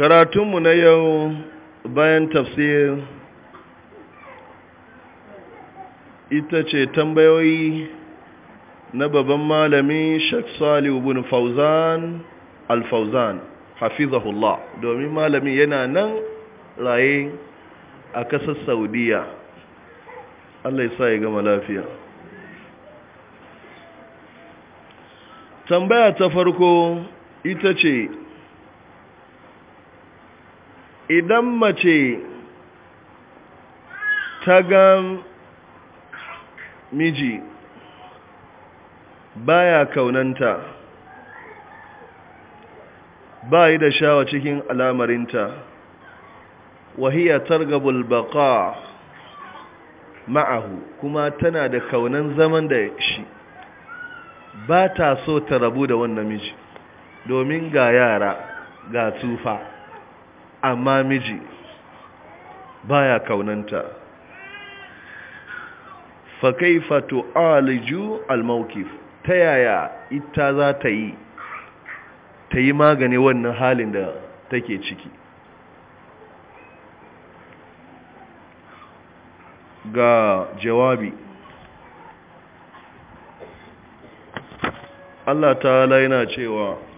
karatunmu na yau bayan tafsir ita ce tambayoyi na babban malami shek sali ibn Fauzan Al-Fauzan hafizahullah domin malami yana nan raye a kasar Saudiya Allah ya sa ya gama lafiya tambaya ta farko ita ce idan mace ta gan miji baya kaunanta ba yi da shawa cikin alamarinta wahiya targabul baka ma'ahu kuma tana da kaunan zaman da shi ba ta so ta rabu da wannan miji domin ga yara ga tufa amma miji baya kaunanta fa kaifa tu'aliju al-mawqif ta yaya ita za ta yi ta yi magani wannan halin da take ciki ga jawabi Allah ta yana cewa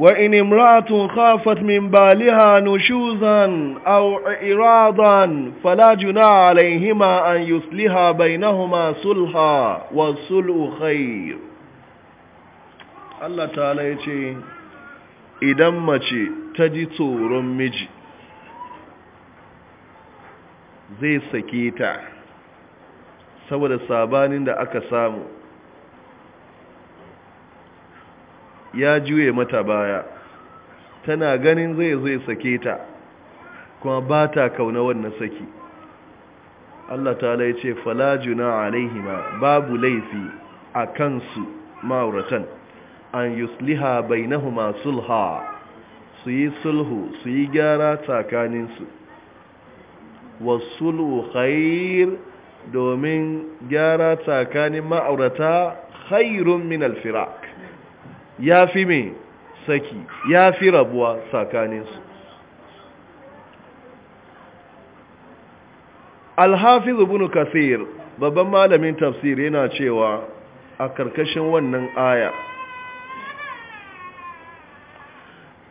وإن امرأة خافت من بالها نشوزا أو إراضا فلا جنا عليهما أن يصلها بينهما صلحا والصلح خير الله تعالى ya ce, Idan mace ta ji tsoron miji, zai sake ta, saboda ya juye mata baya tana ganin zai zai sake ta kuma ba ta kauna wannan saki Allah ta ya ce falajuna alaihima babu laifi a kansu ma'auratan an yusliha bainahuma sulha su yi sulhu su yi gyara tsakaninsu sulhu khair domin gyara tsakanin ma'aurata khairun min alfirak ya fi mai saki ya fi rabuwa tsakaninsu Alhafi ibn kasir babban malamin tafsir yana cewa a karkashin wannan aya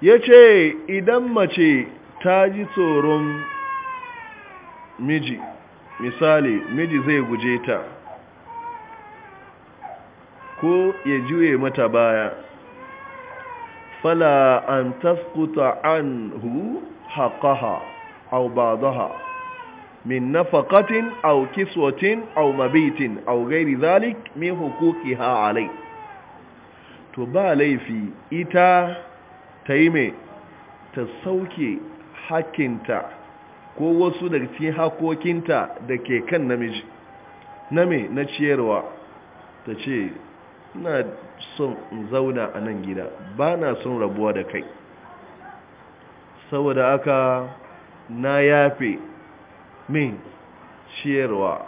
ya ce idan mace ta ji tsoron miji misali miji zai guje ta ko ya juye mata baya fala an taskuta anhu haƙaha au ba'daha min nafaqatin au kiswatin au mabitin au gairi zalik min hukukiha alai to ba laifi ita ta yi ta sauke hakinta ko wasu daga cikin hakokinta da ke kan namiji na me na ciyarwa ta ce Ina son in zauna a nan gida ba na son rabuwa da kai saboda aka na yafe min ciyarwa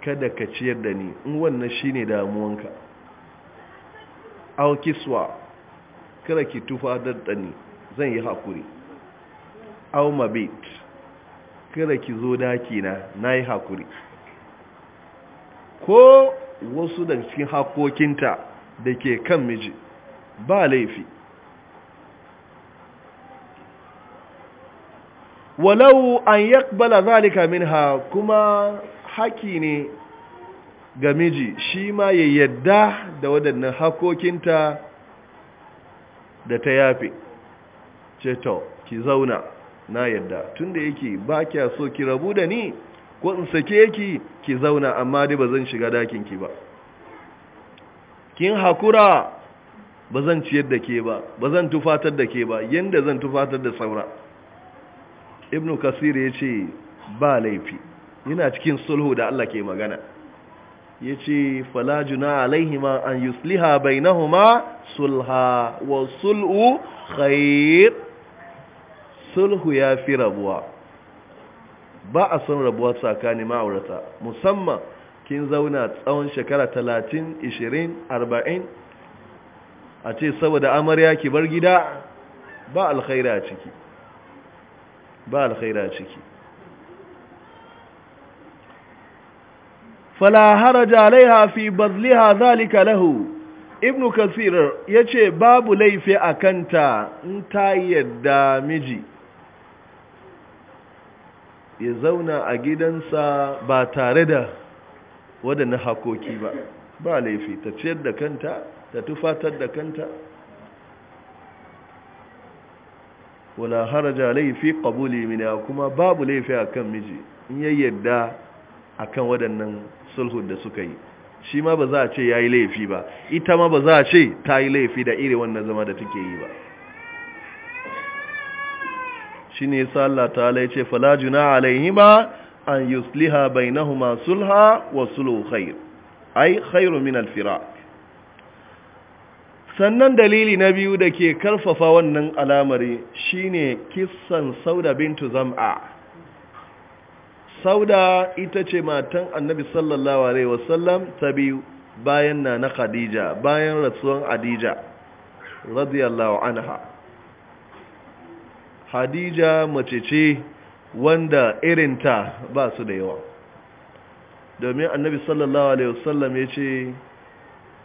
kada ka ciyar da ni in wannan ne damuwanka aukiswa kada ki tufa daddani zan yi hakuri aumabit kada ki zo daki na na yi hakuri ko wasu daga cikin hakokinta da ke kan miji ba laifi walau an yakbala zalika minha kuma haki ne ga miji shi ma ya yadda da waɗannan hakokinta da ta yafe ceto ki zauna na yadda tunda yake ba kya so ki rabu da ni ko in sake ki ki zauna amma dai bazan shiga dakin ki ba kin hakura ba ciyar da ke ba ba tufatar da ke ba yanda zan tufatar da saura ibnu kasir yace ba laifi yana cikin sulhu da Allah ke magana yace ce juna alaihima an yusliha bainahuma sulha wa sul'u khair sulhu ya fi rabuwa ba a son rabuwa tsakanin ma'aurata musamman kin zauna tsawon shekara 30 20 40 a ce saboda amarya ki bar gida ba alkhaira ciki ba alkhaira ciki fala haraja hafi bazli ha zalika lahu ibnu kasir ce babu laifi kanta in ta yadda miji ya zauna a gidansa ba tare da waɗannan hakoki ba ba laifi ta ciyar da kanta ta tufatar da kanta wala haraja laifi qabuli mina kuma babu laifi a kan miji in ya yadda kan waɗannan sulhun da suka yi shi ma ba za a ce ya yi laifi ba ita ma ba za a ce ta yi laifi da iri wannan zama da take yi ba shine yasa Allah ta'ala yace na juna alaihima an yusliha huma sulha wa sulhu khair ai khairu min alfira sannan dalili na biyu da ke karfafa wannan alamari shi shine kissan sauda bintu zam'a sauda ita ce matan annabi sallallahu alaihi wasallam ta biyu bayan na na khadija bayan rasuwan adija radiyallahu anha hadija mace ce wanda irinta ba su da yawa domin annabi sallallahu alaihi wasallam ya ce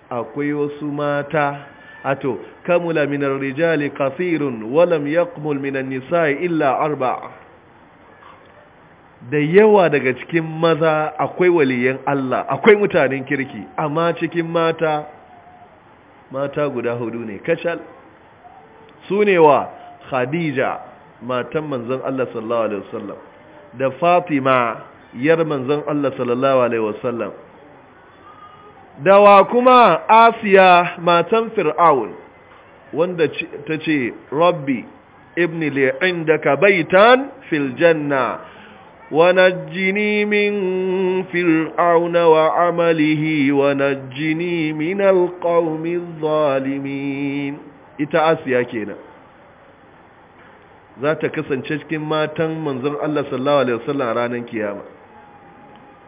akwai wasu mata ato kamula minar rijali kafirun walam yakmul minan nisa'i illa arba da yawa daga cikin maza akwai waliyan Allah akwai mutanen kirki amma cikin mata mata guda hudu ne kashal su wa khadija matan manzon Allah sallallahu alaihi wasallam da Fatima yar manzon Allah sallallahu alaihi wasallam da wa kuma Asiya matan Fir'aun wanda ta ce Rabbi ibni li indaka baitan fil janna ونجني من فرعون وعمله ونجني من القوم الظالمين ita asiya kenan za ta kasance cikin matan manzon Allah sallallahu alaihi wasallam a ranar kiyama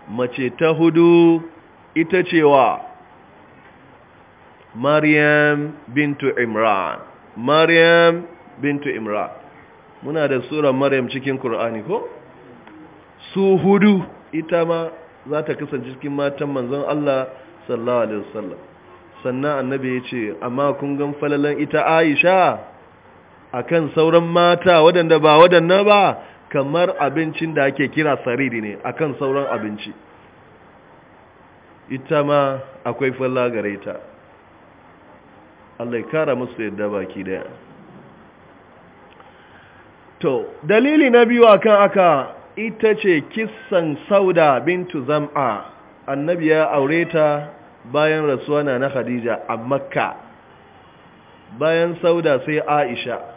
mace ta hudu ita cewa Maryam bintu Imran Maryam bintu Imran muna da sura Maryam cikin Qur'ani ko su hudu ita ma za ta kasance cikin matan manzon Allah sallallahu alaihi wasallam sannan annabi ya ce amma kun gan falalan ita Aisha akan sauran mata waɗanda ba waɗannan ba kamar abincin da ake kira sariri ne akan sauran abinci ita ma akwai falla gare ta Allah ya kara musu yadda baki daya to dalili na biyu akan aka ita ce kissan sauda bintu zam'a annabi ya aure ta bayan rasuwa na na khadija a makka bayan sauda sai aisha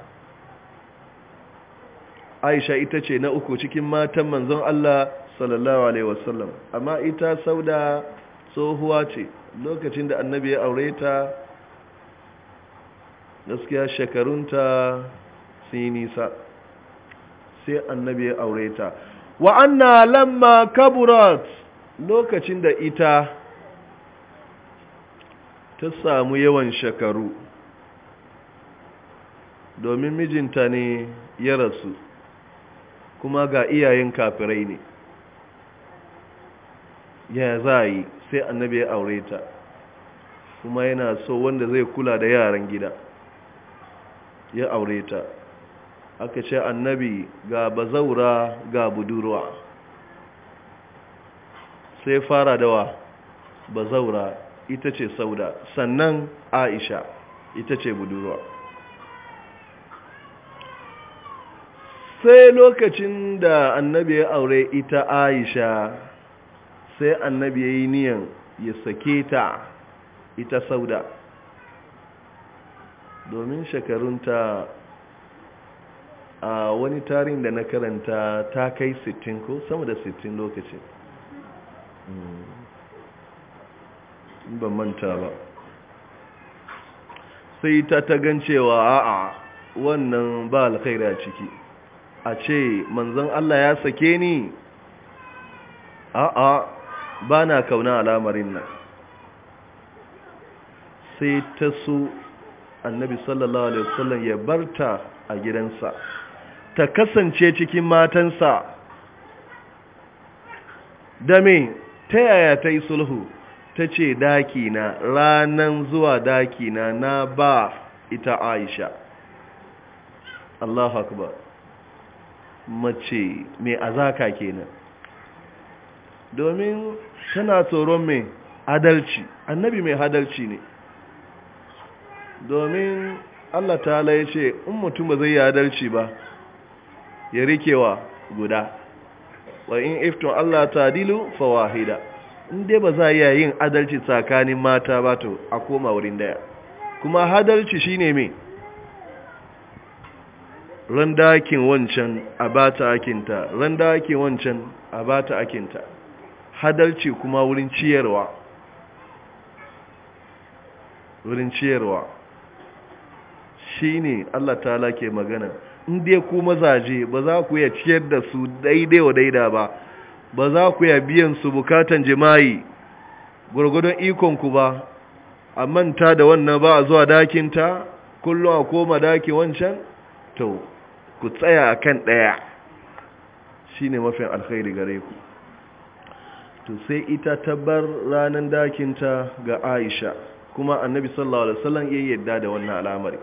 aisha ita ce na uku cikin matan manzon Allah sallallahu alaihi wasallam amma ita sauda tsohuwa ce lokacin da annabi ya aure ta gaskiya shekarunta sun yi nisa sai annabi ya aure ta wa anna lamma kaburat lokacin da ita ta samu yawan shekaru domin mijinta ne ya rasu kuma ga iyayen kafirai ne ya za yi sai annabi ya aure ta kuma yana so wanda zai kula da yaran gida ya aure ta aka ce annabi ga bazaura ga budurwa sai fara dawa bazaura ita ce sauda sannan aisha ita ce budurwa sai lokacin da annabi ya aure ita aisha sai annabi ya yi niyan ya sake ta ita sauda domin shekarunta a wani tarin da na karanta ta kai sittin ko sama da 60 lokacin hmm. ban manta ba sai ta gan ta cewa a'a wannan ba alkhaira ciki a ce manzon Allah ya sake ni a'a ba na kauna al'amarin nan sai ta so annabi sallallahu alaihi wasallam ya barta a gidansa ta kasance cikin matansa da ta yaya ta yi sulhu ta ce dakina ranan zuwa dakina na ba ita aisha Allahu akbar mace mai azaka kenan domin tana tsoron mai adalci annabi mai hadalci ne domin Allah ta ya ce in mutum ba zai yi adalci ba ya rikewa guda wa in ifton Allah ta dilu fawahida in dai ba za a yin adalci tsakanin mata ba to a koma wurin daya kuma hadalci shine mai ran da wancan a ba ta akinta ran da wancan a ba ta akinta hadalci kuma wurin ciyarwa wurin ciyarwa shi ne Allah ta ke magana inda kuma mazaje ba za ku ya ciyar da su daidai wa daida ba ba za ku ya biyan su bukatan jima'i gwargwadon ikonku ba a manta da wannan ba a zuwa dakinta kullum a koma dakin wancan to ku tsaya kan ɗaya shine ne mafin alkhairi gare ku to sai ita tabbar ranar dakinta ga aisha kuma annabi sallallahu alaihi wasallam ya yadda da wannan al'amari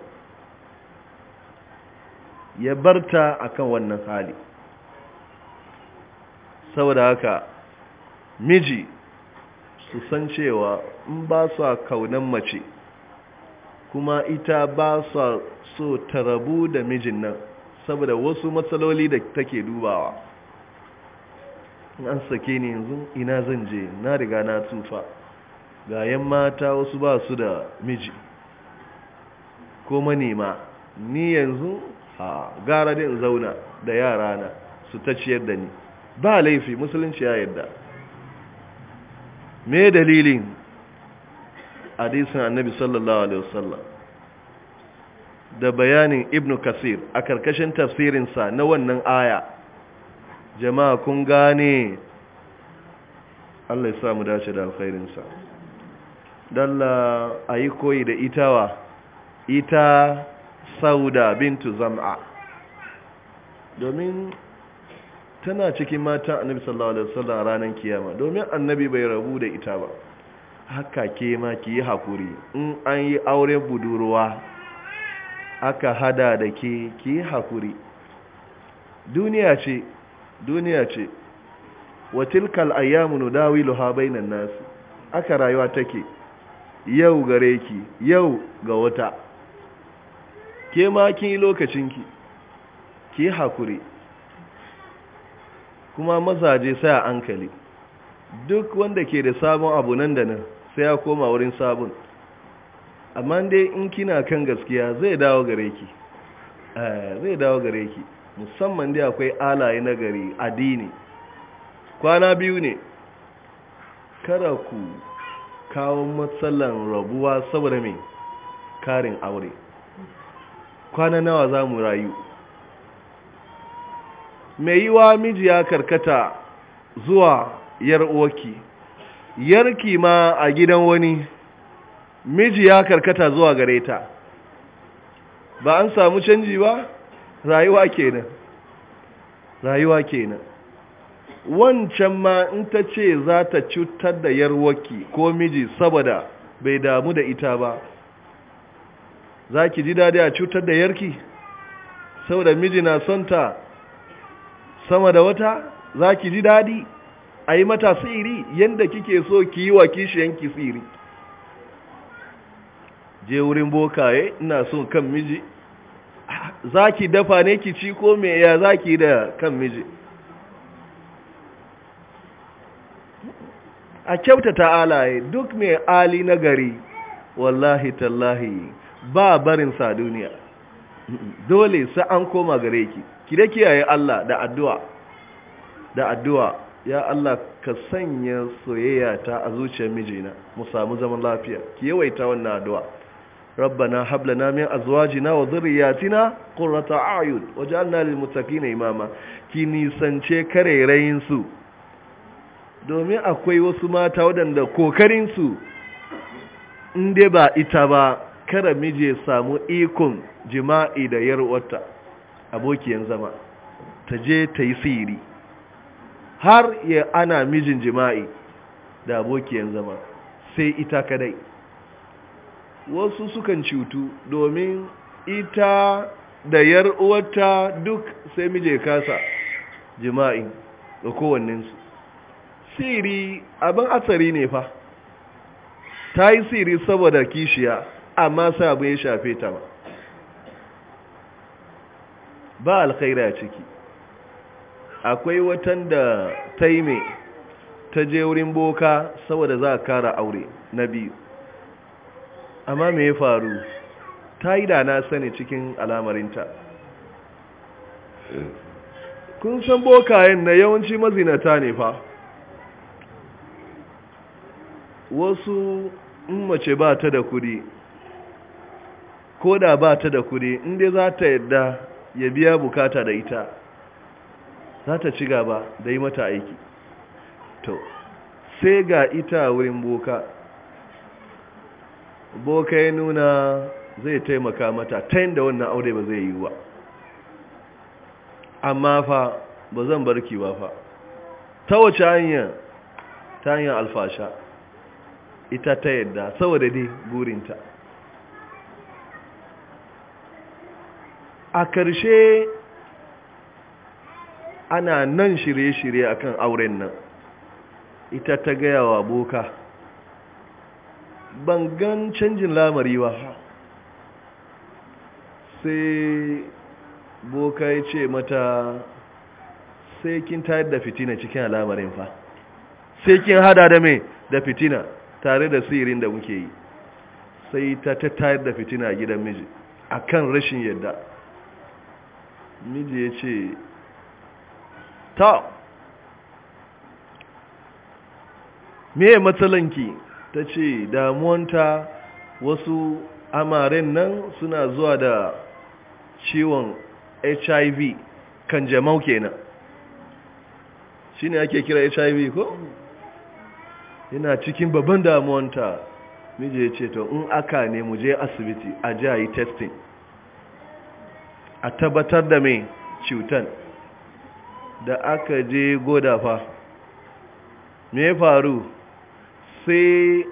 ya barta akan wannan hali saboda haka miji su san cewa in ba su kaunan mace kuma ita ba sa so ta rabu da mijin nan saboda wasu matsaloli da take dubawa an sake ni yanzu ina zan je na riga na tufa ga yan mata wasu ba su da miji ko manema ni yanzu a gara din zauna da yara na su ta ciyar da ni ba laifi musulunci ya yarda me dalilin hadisin annabi sallallahu alaihi wasallam da bayanin ibn kasir a ƙarƙashin tafsirinsa na wannan aya jama'a kun gane Allah ya samu dace da alkhairinsa dalla a yi koyi da itawa ita sauda bintu zam'a domin tana cikin mata annabi sallallahu alaihi wasallam ranar kiyama domin annabi bai rabu da ita ba haka ke ma ki yi hakuri in an yi auren budurwa aka hada da ke ki hakuri duniya ce duniya ce wa tilkal ayyamu ha bainan nasu. aka rayuwa take yau gare ki yau ga wata ke ma kin yi lokacinki ki hakuri kuma mazaje sai a hankali duk wanda ke da sabon abu nan da nan sai ya koma wurin sabon amma dai in kina kan gaskiya zai dawo gare ki eh, zai dawo gare ki musamman dai akwai alaye na gari addini kwana biyu ne kada ku kawo matsalan rabuwa saboda mai karin aure kwana nawa za mu rayu mai yiwa miji ya karkata zuwa yar uwaki yarki ma a gidan wani miji ya karkata zuwa gare ta ba an samu canji ba rayuwa kenan rayuwa kenan wancan ma in ta ce za ta cutar da yarwaki ko miji saboda bai damu da ita ba za ki ji daɗi a cutar da yarki saboda miji na son ta sama da wata za ki ji daɗi a yi mata tsiri yadda kike so ki yi wa kishiyanki tsiri je wurin bokaye ina son kan miji za dafa ne ki ci ko me ya zaki da kan miji a kyautata alaye duk mai ali na gari wallahi tallahi ba barin sa duniya dole sai an koma gare ki ki da kiyaye Allah da addu'a da addu'a ya Allah ka sanya soyayya ta a zuciyar mijina mu samu zaman lafiya ki yawaita wannan addu'a ربنا هب لنا من ازواجنا وذرياتنا قرة اعين واجعلنا للمتقين اماما kini sance karerayin su domin akwai wasu mata waɗanda kokarin su dai ba ita ba kada miji samu ikon jima'i da yarwata abokiyan zama ta je ta yi siri har ya ana mijin jima'i da abokiyan zama sai ita kadai wasu sukan cutu domin ita da yar uwarta duk sai mije kasa jima'i ga kowanninsu siri abin atsari ne fa ta yi siri saboda kishiya amma sai abu ya shafe ta ba ba alkhaira ciki akwai watan da ta mai ta je wurin boka saboda za a kara aure na biyu amma me ya faru ta yi da na sani cikin alamarinta kun san bokayen na yawanci mazinata ne fa wasu in mace ba ta da kudi ko da ba ta da kudi inda za ta yadda ya biya bukata da ita za ta ci gaba da yi mata aiki to sai ga ita wurin boka boka ya nuna zai taimaka mata ta yin da wannan aure ba zai yi ba amma fa ba zan barki ba fa ta wace hanya ta hanyar alfasha ita ta yadda saboda dai burinta a ƙarshe ana nan shirye-shirye akan auren nan ita ta gaya wa boka ban gan canjin lamari ba sai boka ya ce mata sai kin tayar da fitina cikin lamarin fa sai kin hada da mai da fitina tare da sirrin da muke yi sai ta ta tayar da fitina a gidan miji akan rashin yadda miji ya ce ta me matsalanki ta ce damuwanta wasu amaren nan suna zuwa da ciwon hiv kan jamau kenan shi ne ake kira hiv ko? yana cikin babban damuwanta miji ya ce to in aka ne mu je asibiti a ji a yi testing a tabbatar da mai cutan da aka je godafa fa me faru sai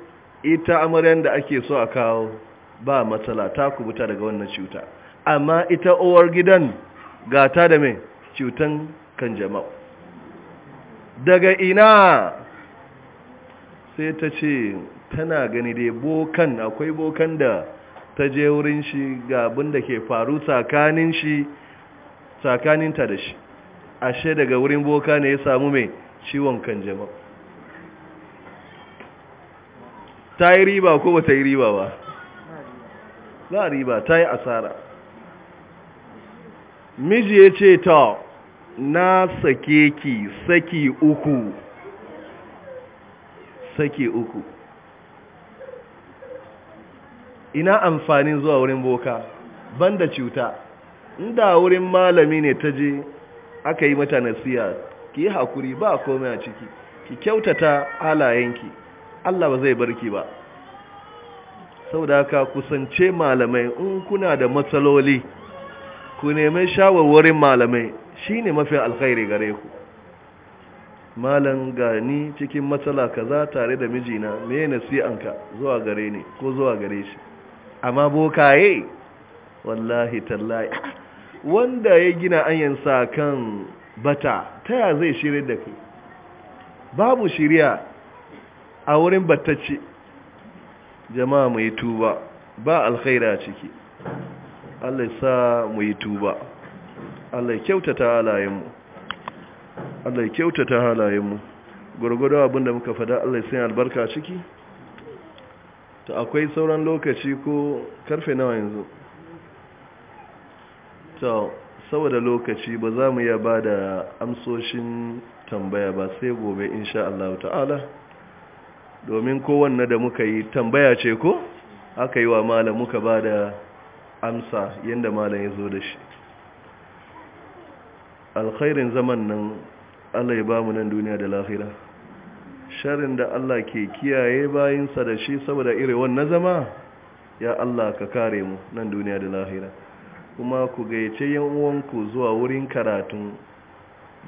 ita amaryan da ake so a kawo ba matsala ta kubuta daga wannan cuta amma ita uwar gidan gata da mai cutan kan jama'u daga ina sai ta ce tana gani dai bokan akwai bokan da ta je wurin shi ga da ke faru tsakanin shi tsakaninta da shi ashe daga wurin boka ne ya samu mai ciwon kan jama'u ta yi riba ko ba ta yi riba ba Za a riba ta yi asara miji ya ce ta na sake ki saki uku sake uku ina amfanin zuwa wurin boka banda cuta inda wurin malami ne ta je aka yi mata nasiya ki yi hakuri ba komai a ciki ki kyautata halayenki Allah ba zai barki ba Sau da ka kusance malamai in kuna da matsaloli ku nemi shawarwarin malamai shine mafi alkhairi gare ku malam gani cikin matsala kaza tare da mijina me nasi'anka zuwa gare ne ko zuwa gare shi amma bokaye wallahi tallahi wanda ya gina anyansa kan bata ta zai shirya da ku babu shirya a wurin battacce jama'a mai tuba ba alkhaira ciki Allah sa mu yi tuba Allah kyautata halayenmu Allah kyautata halayenmu gurgurdo abinda muka fada Allah sai albarka ciki to akwai sauran lokaci ko karfe nawa yanzu to saboda lokaci ba za mu iya ba da amsoshin tambaya ba sai gobe insha Allah ta'ala domin kowanne da muka yi tambaya ce ko aka yi wa malam muka ba da amsa yadda malam ya zo da shi alkhairin zaman nan allah ya ba mu nan duniya da lahira sharin da allah ke kiyaye bayinsa da shi saboda irin wannan zama ya allah ka kare mu nan duniya da lahira kuma ku gayyace yanuwanku zuwa wurin karatun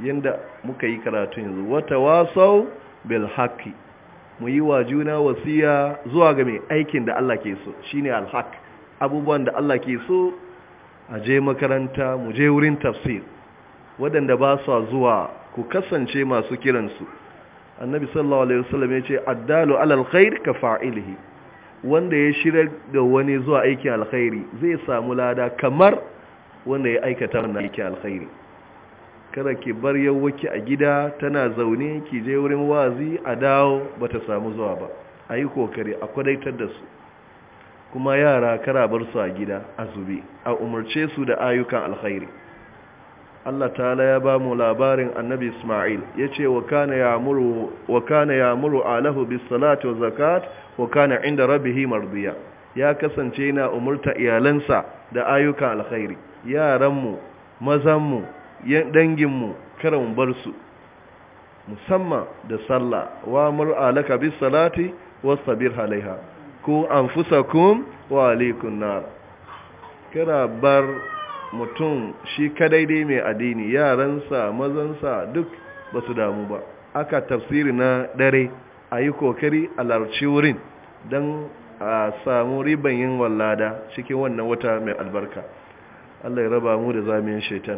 yadda muka yi karatun yanzu wata wasau bil haqi mu yi wa juna wasiya zuwa ga mai aikin da Allah ke so Shi ne alhaq abubuwan da Allah ke so a je makaranta mu je wurin tafsir waɗanda ba su zuwa ku kasance masu kiransu annabi sallallahu alaihi wasallam ya ce addalu alal khair ka fa'ilihi wanda ya shirya da wani zuwa aikin alkhairi zai samu lada kamar wanda ya aikata wannan aikin alkhairi kada ki bar yawwaki a gida tana zaune ki je wurin wazi a dawo ba ta samu zuwa ba a yi kokari a kwadaitar da su kuma yara kara bar su a gida a zube a umarce su da ayyukan alkhairi Allah ta'ala ya ba mu labarin annabi Ismail ya ce wa kana ya muru alahu bis salati wa zakat wa kana inda rabihi mardiya ya kasance yana umarta iyalansa da ayyukan alkhairi yaranmu mazanmu danginmu kada mu bar su musamman da sallah wa mur'alaka bis salati wasabir alaiha ku anfusakum wa alaykum nar kada bar mutum shi kadai dai mai addini yaransa mazansa duk ba su damu ba aka tafsiri na dare a yi kokari a larci wurin don a samu riban yin wallada cikin wannan wata mai albarka Allah ya raba mu da zamiyan shaitan